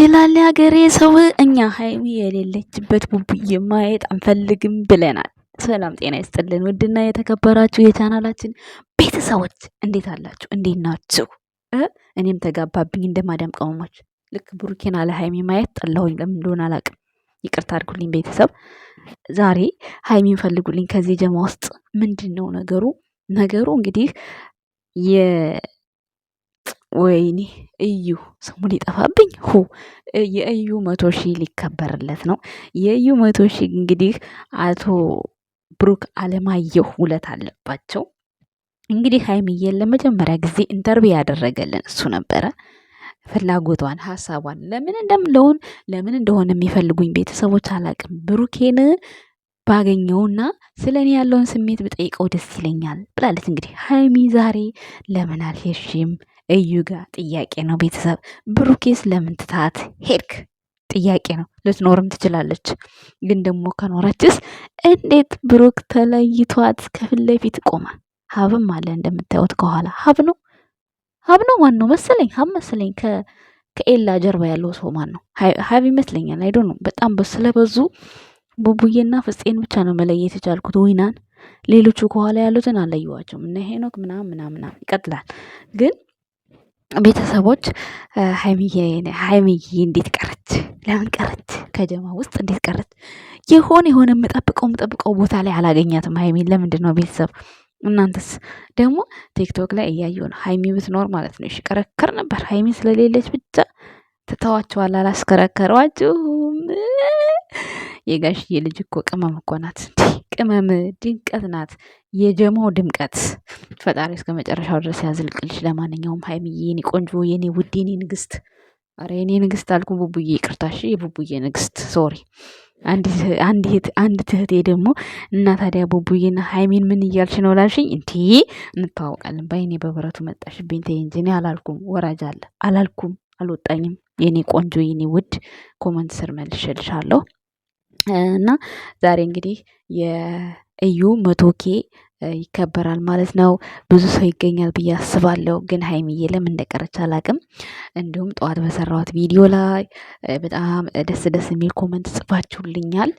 ይችላል ሀገሬ ሰው። እኛ ሀይሚ የሌለችበት ቡቡዬ ማየት አንፈልግም ብለናል። ሰላም ጤና ይስጥልን። ውድና የተከበራችሁ የቻናላችን ቤተሰቦች እንዴት አላችሁ? እንዴት ናችሁ? እኔም ተጋባብኝ እንደ ማዳም ቅመሞች። ልክ ብሩኬና ሀይሚ ማየት ጠላሁኝ። ለምን እንደሆነ አላውቅም። ይቅርታ አድርጉልኝ ቤተሰብ። ዛሬ ሀይሚን ፈልጉልኝ ከዚህ ጀማ ውስጥ ምንድን ነው ነገሩ? ነገሩ እንግዲህ ወይኔ እዩ ስሙ ሊጠፋብኝ ሁ የእዩ መቶ ሺ ሊከበርለት ነው። የእዩ መቶ ሺ እንግዲህ አቶ ብሩክ አለማየሁ ውለት አለባቸው። እንግዲህ ሀይሚዬን ለመጀመሪያ ጊዜ ኢንተርቪው ያደረገልን እሱ ነበረ። ፍላጎቷን ሀሳቧን ለምን እንደምለውን ለምን እንደሆነ የሚፈልጉኝ ቤተሰቦች አላቅም። ብሩኬን ባገኘውና ስለ እኔ ያለውን ስሜት ብጠይቀው ደስ ይለኛል ብላለች። እንግዲህ ሀይሚ ዛሬ ለምን አልሄድሽም እዩ ጋር ጥያቄ ነው ቤተሰብ ብሩኬስ ለምን ትታት ሄድክ? ጥያቄ ነው። ልትኖርም ትችላለች፣ ግን ደግሞ ከኖረችስ እንዴት ብሩክ ተለይቷት ከፊት ለፊት ቆማ ሀብም አለ እንደምታዩት ከኋላ ሀብ ነው ሀብ ነው ማን ነው መሰለኝ ሀብ መሰለኝ ከኤላ ጀርባ ያለው ሰው ማን ነው? ሀብ ይመስለኛል። አይዶ ነው በጣም ስለበዙ ቡቡዬና ፍፄን ብቻ ነው መለየት የቻልኩት ወይናን ሌሎቹ ከኋላ ያሉትን አለየዋቸውም። እነ ሄኖክ ምናምን ምናምን ይቀጥላል ግን ቤተሰቦች ሀይሚዬ እንዴት ቀረች? ለምን ቀረች? ከጀማ ውስጥ እንዴት ቀረች? የሆነ የሆነ የምጠብቀው የምጠብቀው ቦታ ላይ አላገኛትም። ሀይሚን ለምንድን ነው ቤተሰብ? እናንተስ ደግሞ ቲክቶክ ላይ እያየሁ ነው። ሀይሚ ብትኖር ማለት ነው ይሽከረከር ነበር። ሀይሚ ስለሌለች ብቻ ትተዋቸዋል አላስከረከሯችሁም። የጋሽዬ ልጅ እኮ ቅመም እኮ ናት፣ ቅመም ድምቀት ናት፣ የጀማው ድምቀት። ፈጣሪ እስከ መጨረሻው ድረስ ያዝልቅልሽ። ለማንኛውም ሀይሚዬ የኔ ቆንጆ፣ የኔ ውድ፣ የኔ ንግስት፣ ኧረ የኔ ንግስት አልኩ ቡቡዬ፣ ይቅርታሽ የቡቡዬ ንግስት ሶሪ። አንድ ትህቴ ደግሞ እና ታዲያ ቡቡዬና ሀይሚን ምን እያልሽ ነው ላልሽኝ፣ እንዲ እንተዋወቃለን። በይኔ በብረቱ መጣሽብኝ። ተይ እንጂ እኔ አላልኩም፣ ወራጅ አለ አላልኩም። አልወጣኝም የኔ ቆንጆ የኔ ውድ ኮመንት ስር መልሼልሻለሁ። እና ዛሬ እንግዲህ የእዩ መቶኬ ይከበራል ማለት ነው። ብዙ ሰው ይገኛል ብዬ አስባለሁ። ግን ሀይሚዬ ለምን እንደቀረች አላቅም። እንዲሁም ጠዋት በሰራሁት ቪዲዮ ላይ በጣም ደስ ደስ የሚል ኮመንት ጽፋችሁልኛል።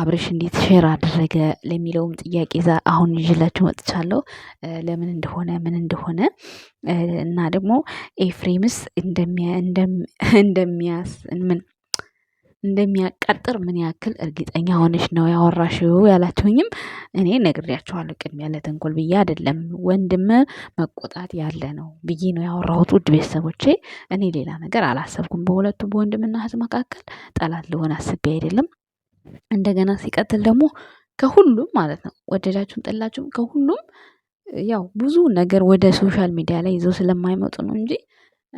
አብርሽ እንዴት ሼር አደረገ ለሚለውም ጥያቄ ዛ አሁን ይዤላችሁ መጥቻለሁ። ለምን እንደሆነ ምን እንደሆነ እና ደግሞ ኤፍሬምስ እንደሚያስ ምን እንደሚያቃጥር ምን ያክል እርግጠኛ ሆነች ነው ያወራሽው? ያላችሁኝም እኔ ነግሬያችኋለሁ። ቅድሚያ ለተንኮል ብዬ አይደለም ወንድም መቆጣት ያለ ነው ብዬ ነው ያወራሁት። ውድ ቤተሰቦቼ እኔ ሌላ ነገር አላሰብኩም። በሁለቱ በወንድምና እህት መካከል ጠላት ልሆን አስቤ አይደለም። እንደገና ሲቀጥል ደግሞ ከሁሉም ማለት ነው ወደዳችሁም ጠላችሁም ከሁሉም ያው ብዙ ነገር ወደ ሶሻል ሚዲያ ላይ ይዘው ስለማይመጡ ነው እንጂ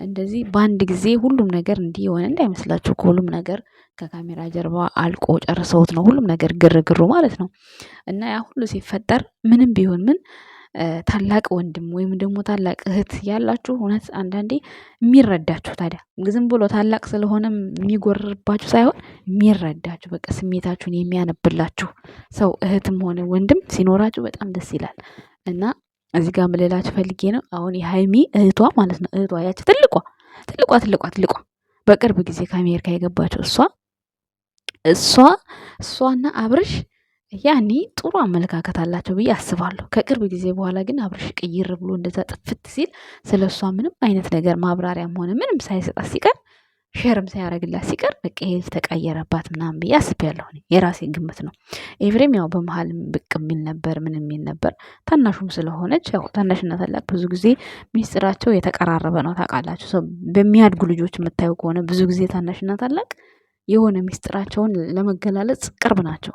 እንደዚህ በአንድ ጊዜ ሁሉም ነገር እንዲህ የሆነ እንዳይመስላችሁ ከሁሉም ነገር ከካሜራ ጀርባ አልቆ ጨርሰውት ነው ሁሉም ነገር ግርግሩ ማለት ነው። እና ያ ሁሉ ሲፈጠር ምንም ቢሆን ምን ታላቅ ወንድም ወይም ደግሞ ታላቅ እህት ያላችሁ እውነት አንዳንዴ የሚረዳችሁ ታዲያ ዝም ብሎ ታላቅ ስለሆነ የሚጎርባችሁ ሳይሆን የሚረዳችሁ በቃ ስሜታችሁን የሚያነብላችሁ ሰው እህትም ሆነ ወንድም ሲኖራችሁ በጣም ደስ ይላል እና እዚህ ጋር ምልላችሁ ፈልጌ ነው። አሁን የሀይሚ እህቷ ማለት ነው እህቷ ያች ትልቋ ትልቋ ትልቋ ትልቋ በቅርብ ጊዜ ከአሜሪካ የገባቸው እሷ እሷ እሷና አብርሽ ያኔ ጥሩ አመለካከት አላቸው ብዬ አስባለሁ። ከቅርብ ጊዜ በኋላ ግን አብርሽ ቅይር ብሎ እንደዛ ጥፍት ሲል ስለ እሷ ምንም አይነት ነገር ማብራሪያም ሆነ ምንም ሳይሰጣት ሲቀር ሼርም ሳያደርግላት ሲቀር በቃ ይሄ ተቀየረባት ምናምን ብዬ አስቤያለሁ። የራሴ ግምት ነው። ኤፍሬም ያው በመሀል ብቅ የሚል ነበር፣ ምን የሚል ነበር። ታናሹም ስለሆነች ያው ታናሽና ታላቅ ብዙ ጊዜ ሚስጥራቸው የተቀራረበ ነው። ታውቃላችሁ፣ ሰው በሚያድጉ ልጆች የምታዩ ከሆነ ብዙ ጊዜ ታናሽና ታላቅ የሆነ ሚስጥራቸውን ለመገላለጽ ቅርብ ናቸው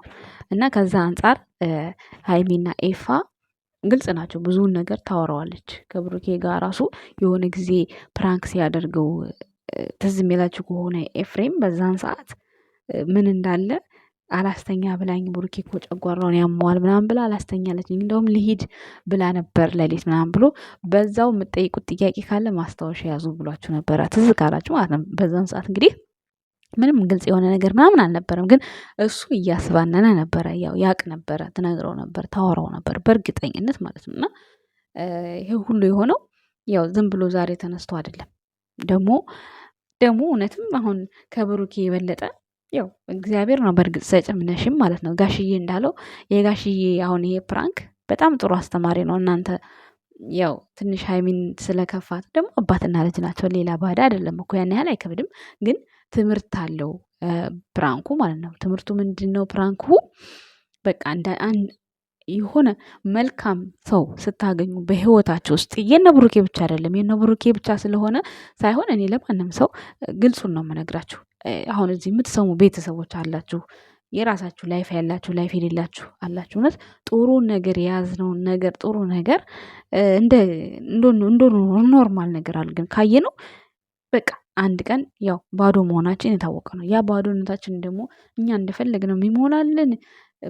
እና ከዛ አንጻር ሀይሚና ኤፋ ግልጽ ናቸው። ብዙውን ነገር ታወረዋለች ከብሩኬ ጋር ራሱ የሆነ ጊዜ ፕራንክ ሲያደርገው ትዝ የሚላችሁ ከሆነ ኤፍሬም በዛን ሰዓት ምን እንዳለ አላስተኛ ብላኝ ቡርኬ እኮ ጨጓራውን ያመዋል ምናምን ብላ አላስተኛለችኝ። እንደውም ልሂድ ብላ ነበር ለሌት ምናምን ብሎ በዛው የምጠይቁት ጥያቄ ካለ ማስታወሻ ያዙ ብሏችሁ ነበረ፣ ትዝ ካላችሁ ማለት ነው። በዛን ሰዓት እንግዲህ ምንም ግልጽ የሆነ ነገር ምናምን አልነበረም፣ ግን እሱ እያስባነነ ነበረ። ያው ያቅ ነበረ፣ ትነግረው ነበር፣ ታወራው ነበር በእርግጠኝነት ማለት ነው። እና ይህ ሁሉ የሆነው ያው ዝም ብሎ ዛሬ ተነስቶ አይደለም ደግሞ ደግሞ እውነትም አሁን ከብሩኬ የበለጠ ያው እግዚአብሔር ነው በእርግጥ ሰጭምነሽም ማለት ነው። ጋሽዬ እንዳለው የጋሽዬ አሁን ይሄ ፕራንክ በጣም ጥሩ አስተማሪ ነው። እናንተ ያው ትንሽ ሀይሚን ስለከፋት ደግሞ አባትና ልጅ ናቸው። ሌላ ባዳ አይደለም እኮ ያን ያህል አይከብድም፣ ግን ትምህርት አለው ፕራንኩ ማለት ነው። ትምህርቱ ምንድን ነው? ፕራንኩ በቃ የሆነ መልካም ሰው ስታገኙ በህይወታቸው ውስጥ የነብሩኬ ብቻ አይደለም የነብሩኬ ብቻ ስለሆነ ሳይሆን እኔ ለማንም ሰው ግልጹን ነው የምነግራችሁ። አሁን እዚህ የምትሰሙ ቤተሰቦች አላችሁ፣ የራሳችሁ ላይፍ ያላችሁ፣ ላይፍ የሌላችሁ አላችሁ። እውነት ጥሩ ነገር የያዝነውን ነገር ጥሩ ነገር እንደ ኖርማል ነገር ካየ ነው በቃ አንድ ቀን ያው ባዶ መሆናችን የታወቀ ነው። ያ ባዶነታችን ደግሞ እኛ እንደፈለግ ነው የሚሞላልን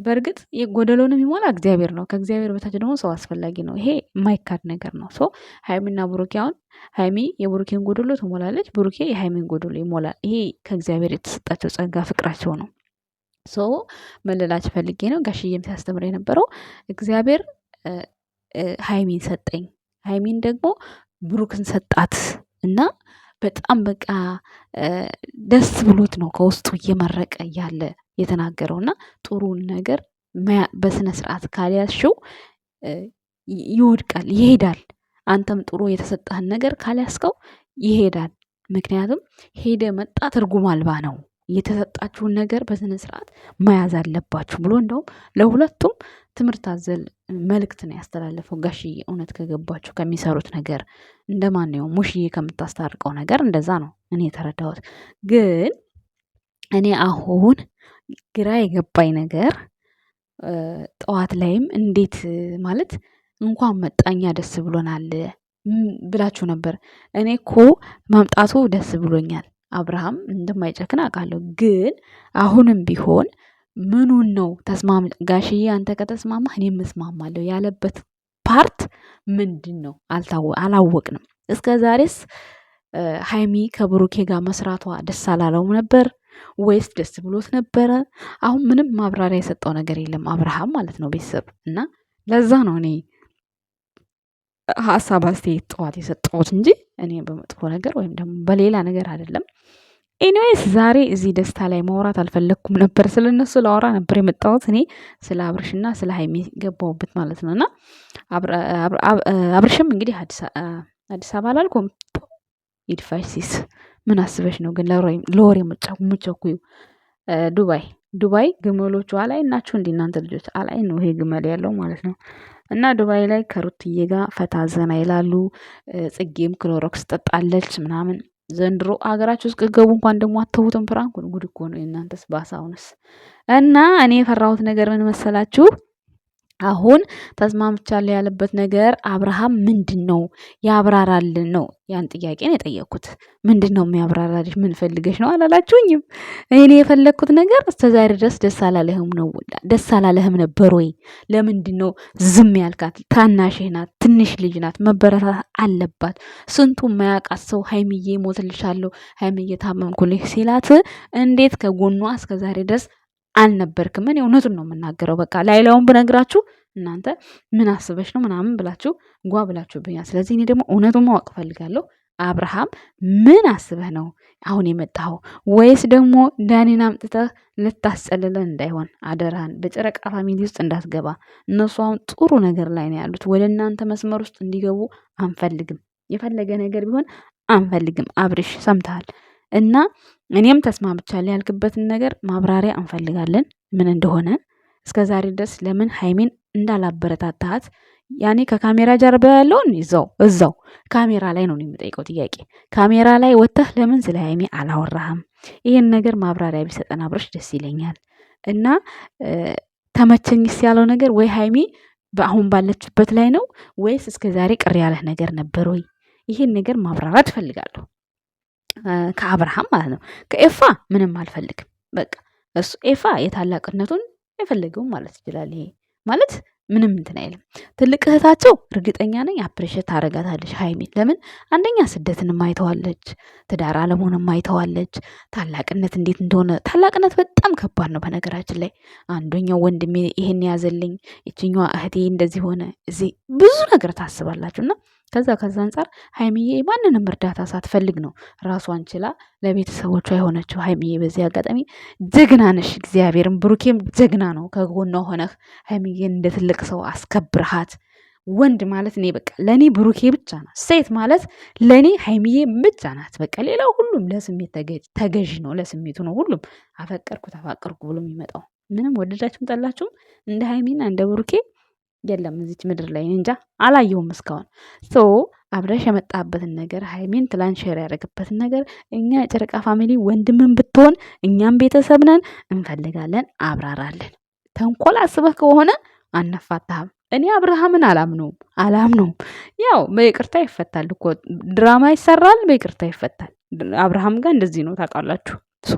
በእርግጥ የጎደለውን የሚሞላ እግዚአብሔር ነው። ከእግዚአብሔር በታች ደግሞ ሰው አስፈላጊ ነው። ይሄ የማይካድ ነገር ነው። ሰው ሀይሚና ብሩኬ አሁን ሀይሚ የብሩኬን ጎደሎ ትሞላለች፣ ብሩኬ የሀይሚን ጎደሎ ይሞላል። ይሄ ከእግዚአብሔር የተሰጣቸው ጸጋ ፍቅራቸው ነው። ሰው መለላች ፈልጌ ነው ጋሽዬም ሲያስተምር የነበረው እግዚአብሔር ሀይሚን ሰጠኝ፣ ሀይሚን ደግሞ ብሩክን ሰጣት እና በጣም በቃ ደስ ብሎት ነው ከውስጡ እየመረቀ እያለ የተናገረው እና ጥሩን ነገር በስነ ስርዓት ካልያዝሽው ይወድቃል፣ ይሄዳል። አንተም ጥሩ የተሰጠህን ነገር ካልያዝከው ይሄዳል። ምክንያቱም ሄደ መጣ ትርጉም አልባ ነው። የተሰጣችሁን ነገር በስነ ስርዓት መያዝ አለባችሁ ብሎ እንደውም ለሁለቱም ትምህርት አዘል መልእክት ነው ያስተላለፈው። ጋሽዬ እውነት ከገባችሁ ከሚሰሩት ነገር እንደ ማንኛውም ሙሽዬ ከምታስታርቀው ነገር እንደዛ ነው እኔ የተረዳሁት። ግን እኔ አሁን ግራ የገባኝ ነገር ጠዋት ላይም እንዴት ማለት እንኳን መጣኛ ደስ ብሎናል ብላችሁ ነበር። እኔ እኮ መምጣቱ ደስ ብሎኛል። አብርሃም እንደማይጨክን አውቃለሁ፣ ግን አሁንም ቢሆን ምኑን ነው ተስማም ጋሽዬ፣ አንተ ከተስማማ እኔም እስማማለሁ ያለበት ፓርት ምንድን ነው አላወቅንም። እስከ ዛሬስ ሀይሚ ከብሩኬ ጋር መስራቷ ደስ አላለውም ነበር። ወይስ ደስ ብሎት ነበረ? አሁን ምንም ማብራሪያ የሰጠው ነገር የለም አብርሃም ማለት ነው ቤተሰብ እና ለዛ ነው እኔ ሀሳብ አስተያየት ጠዋት የሰጠሁት እንጂ እኔ በመጥፎ ነገር ወይም ደግሞ በሌላ ነገር አይደለም። ኤኒዌይስ ዛሬ እዚህ ደስታ ላይ ማውራት አልፈለግኩም ነበር። ስለ እነሱ ላወራ ነበር የመጣሁት እኔ ስለ አብርሽና ስለ ሀይሚ ገባሁበት ማለት ነው። እና አብርሽም እንግዲህ አዲስ አበባ አላልኩም ይድፋሽ ሲስ ምን አስበሽ ነው ግን ለወሬ የምትቸኩዩ? ዱባይ ዱባይ ግመሎቹ አላይ እናችሁ እንዲ እናንተ ልጆች አላይ ነው ይሄ ግመል ያለው ማለት ነው። እና ዱባይ ላይ ከሩትዬ ጋር ፈታ ዘና ይላሉ። ጽጌም ክሎሮክስ ጠጣለች ምናምን። ዘንድሮ አገራችሁ ውስጥ ገቡ እንኳን ደግሞ አተውትም ፍራንኩን ጉድ እኮ ነው የእናንተስ ባሳውንስ። እና እኔ የፈራሁት ነገር ምን መሰላችሁ? አሁን ተስማምቻለሁ ያለበት ነገር አብርሃም ምንድን ነው ያብራራልን ነው። ያን ጥያቄን ነው የጠየቅኩት። ምንድን ነው የሚያብራራልሽ? ምን ፈልገሽ ነው አላላችሁኝም። እኔ የፈለግኩት ነገር እስከዛሬ ድረስ ደስ አላለህም ነው ደስ አላለህም ነበር ወይ? ለምንድን ነው ዝም ያልካት? ታናሽህ ናት፣ ትንሽ ልጅ ናት፣ መበረታት አለባት። ስንቱ የማያውቃት ሰው ሀይሚዬ ሞትልሻለሁ፣ ሀይምዬ ታመምኩልሽ ሲላት እንዴት ከጎኗ እስከዛሬ ድረስ አልነበርክም። እኔ እውነቱን ነው የምናገረው። በቃ ላይላውን ብነግራችሁ እናንተ ምን አስበሽ ነው ምናምን ብላችሁ ጓ ብላችሁብኛል። ስለዚህ እኔ ደግሞ እውነቱን ማወቅ እፈልጋለሁ። አብርሃም ምን አስበህ ነው አሁን የመጣኸው? ወይስ ደግሞ ዳኔን አምጥተህ ልታስጨልለን እንዳይሆን አደራህን። በጨረቃ ፋሚሊ ውስጥ እንዳትገባ። እነሱ አሁን ጥሩ ነገር ላይ ነው ያሉት። ወደ እናንተ መስመር ውስጥ እንዲገቡ አንፈልግም። የፈለገ ነገር ቢሆን አንፈልግም። አብርሽ ሰምተሃል? እና እኔም ተስማምቻለሁ ያልክበትን ነገር ማብራሪያ እንፈልጋለን ምን እንደሆነ እስከ ዛሬ ድረስ ለምን ሀይሜን እንዳላበረታታሃት ያኔ ከካሜራ ጀርባ ያለውን እዛው እዛው ካሜራ ላይ ነው የሚጠይቀው ጥያቄ። ካሜራ ላይ ወጥተህ ለምን ስለ ሀይሜ አላወራህም? ይህን ነገር ማብራሪያ ቢሰጠን አብረሽ ደስ ይለኛል። እና ተመቸኝስ ያለው ነገር ወይ ሀይሜ በአሁን ባለችበት ላይ ነው ወይስ እስከዛሬ ቅር ያለህ ነገር ነበር ወይ? ይህን ነገር ማብራራት እፈልጋለሁ። ከአብርሃም ማለት ነው። ከኤፋ ምንም አልፈልግም። በቃ እሱ ኤፋ የታላቅነቱን የፈለገውን ማለት ይችላል። ይሄ ማለት ምንም እንትን አይልም። ትልቅ እህታቸው እርግጠኛ ነኝ አፕሬሽት ታረጋታለች ሀይሚ። ለምን አንደኛ ስደትን ማይተዋለች፣ ትዳር አለመሆን ማይተዋለች፣ ታላቅነት እንዴት እንደሆነ። ታላቅነት በጣም ከባድ ነው በነገራችን ላይ። አንዱኛው ወንድሜ ይሄን ያዘልኝ፣ ይችኛዋ እህቴ እንደዚህ ሆነ፣ እዚህ ብዙ ነገር ታስባላችሁና ከዛ ከዛ አንፃር ሀይሚዬ ማንንም እርዳታ ሳትፈልግ ነው ራሷን ችላ ለቤተሰቦቿ የሆነችው። ሀይሚዬ በዚህ አጋጣሚ ጀግና ነሽ፣ እግዚአብሔርም ብሩኬም ጀግና ነው። ከጎኗ ሆነህ ሀይሚዬን እንደ ትልቅ ሰው አስከብርሃት። ወንድ ማለት እኔ በቃ ለእኔ ብሩኬ ብቻ ናት። ሴት ማለት ለእኔ ሀይሚዬ ብቻ ናት። በቃ ሌላው ሁሉም ለስሜት ተገዥ ነው፣ ለስሜቱ ነው። ሁሉም አፈቀርኩ ተፋቀርኩ ብሎ የሚመጣው ምንም ወደዳችሁም ጠላችሁም እንደ ሀይሚና እንደ ብሩኬ የለም እዚች ምድር ላይ እንጃ አላየሁም እስካሁን ሶ አብረሽ የመጣበትን ነገር ሀይሜን ትላንት ሼር ያደረግበትን ነገር እኛ የጨረቃ ፋሚሊ ወንድምን ብትሆን እኛም ቤተሰብ ነን እንፈልጋለን አብራራለን ተንኮል አስበህ ከሆነ አነፋታህም እኔ አብርሃምን አላምነውም አላምነውም ያው በይቅርታ ይፈታል እኮ ድራማ ይሰራል በይቅርታ ይፈታል አብርሃም ጋር እንደዚህ ነው ታውቃላችሁ ሶ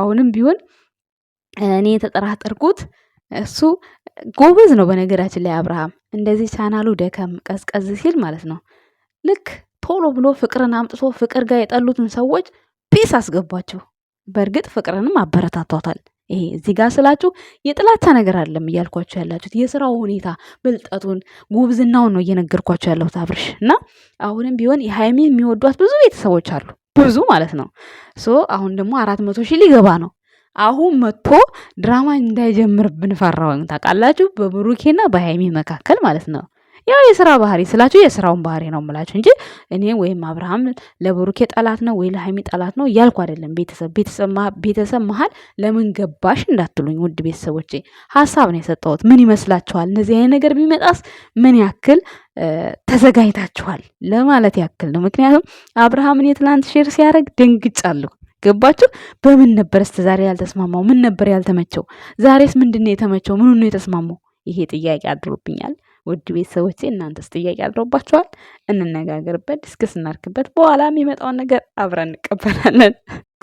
አሁንም ቢሆን እኔ የተጠራጠርኩት እሱ ጎበዝ ነው በነገራችን ላይ አብርሃም። እንደዚህ ቻናሉ ደከም ቀዝቀዝ ሲል ማለት ነው ልክ ቶሎ ብሎ ፍቅርን አምጥቶ ፍቅር ጋር የጠሉትን ሰዎች ፒስ አስገቧቸው። በእርግጥ ፍቅርንም አበረታቷታል። ይሄ እዚህ ጋር ስላችሁ የጥላቻ ነገር አይደለም እያልኳችሁ ያላችሁት የስራው ሁኔታ ብልጠቱን፣ ጉብዝናውን ነው እየነገርኳችሁ ያለሁት አብርሽ እና አሁንም ቢሆን የሀይሚ የሚወዷት ብዙ ቤተሰቦች አሉ ብዙ ማለት ነው። ሶ አሁን ደግሞ አራት መቶ ሺህ ሊገባ ነው። አሁን መጥቶ ድራማ እንዳይጀምርብን ፈራሁኝ። ታውቃላችሁ፣ በብሩኬና በሀይሜ መካከል ማለት ነው። ያው የስራ ባህሪ ስላችሁ የስራውን ባህሪ ነው ምላችሁ እንጂ እኔ ወይም አብርሃም ለብሩኬ ጠላት ነው ወይ ለሀይሚ ጠላት ነው እያልኩ አይደለም። ቤተሰብ ቤተሰብ መሀል ለምን ገባሽ እንዳትሉኝ ውድ ቤተሰቦቼ፣ ሀሳብ ነው የሰጠሁት። ምን ይመስላችኋል? እነዚህ አይነት ነገር ቢመጣስ ምን ያክል ተዘጋጅታችኋል ለማለት ያክል ነው። ምክንያቱም አብርሃም እኔ ትናንት ሼር ሲያደርግ ደንግጫለሁ። ገባችሁ? በምን ነበር እስከ ዛሬ ያልተስማማው? ምን ነበር ያልተመቸው? ዛሬስ ምንድነው የተመቸው? ምኑ ነው የተስማማው? ይሄ ጥያቄ አድሮብኛል። ውድ ቤተሰቦቼ እናንተስ ጥያቄ አድሮባችኋል? እንነጋገርበት፣ ዲስክስ እናርክበት። በኋላ የሚመጣውን ነገር አብረን እንቀበላለን።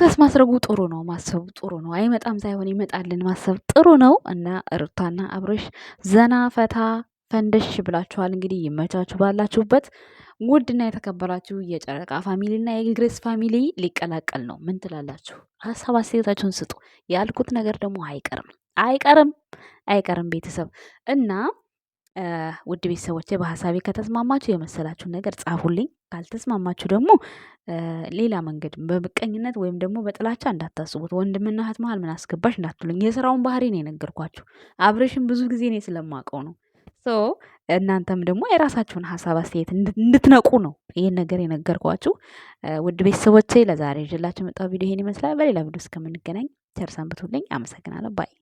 ከስ ማስረጉ ጥሩ ነው፣ ማሰቡ ጥሩ ነው። አይመጣም ሳይሆን ይመጣልን ማሰብ ጥሩ ነው እና ሩታና አብርሽ ዘና ፈታ ፈንደሽ ብላችኋል። እንግዲህ ይመቻችሁ ባላችሁበት። ውድና የተከበራችሁ የጨረቃ ፋሚሊና የግሬስ ፋሚሊ ሊቀላቀል ነው። ምን ትላላችሁ? ሀሳብ አስተያየታችሁን ስጡ። ያልኩት ነገር ደግሞ አይቀርም አይቀርም አይቀርም ቤተሰብ እና ውድ ቤተሰቦቼ በሀሳቤ ከተስማማችሁ የመሰላችሁ ነገር ጻፉልኝ። ካልተስማማችሁ ደግሞ ሌላ መንገድ በምቀኝነት ወይም ደግሞ በጥላቻ እንዳታስቡት። ወንድምና እህት መሀል ምን አስገባሽ እንዳትሉኝ። የስራውን ባህሪ ነው የነገርኳችሁ። አብሬሽን ብዙ ጊዜ እኔ ስለማውቀው ነው ሶ እናንተም ደግሞ የራሳችሁን ሀሳብ አስተያየት እንድትነቁ ነው ይህን ነገር የነገርኳችሁ። ውድ ቤተሰቦቼ ለዛሬ ይዤላችሁ የመጣው ቪዲዮ ይሄን ይመስላል። በሌላ ቪዲዮ እስከምንገናኝ ቸር ሰንብቱልኝ። አመሰግናለሁ። ባይ